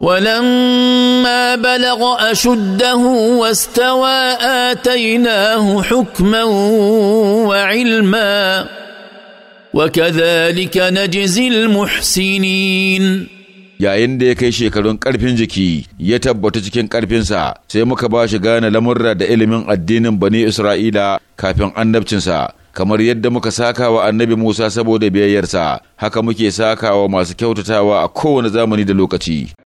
ولما بلغ اشده واستوى اتيناه حكما وعلما وكذلك نجزي المحسنين yayin da ya kai shekarun ƙarfin jiki ya tabbata cikin ƙarfinsa sai muka ba shi gane lamurra da ilimin addinin bani isra'ila kafin annabcinsa kamar yadda muka saka wa annabi musa saboda biyayyarsa haka muke saka wa masu kyautatawa a kowane zamani da lokaci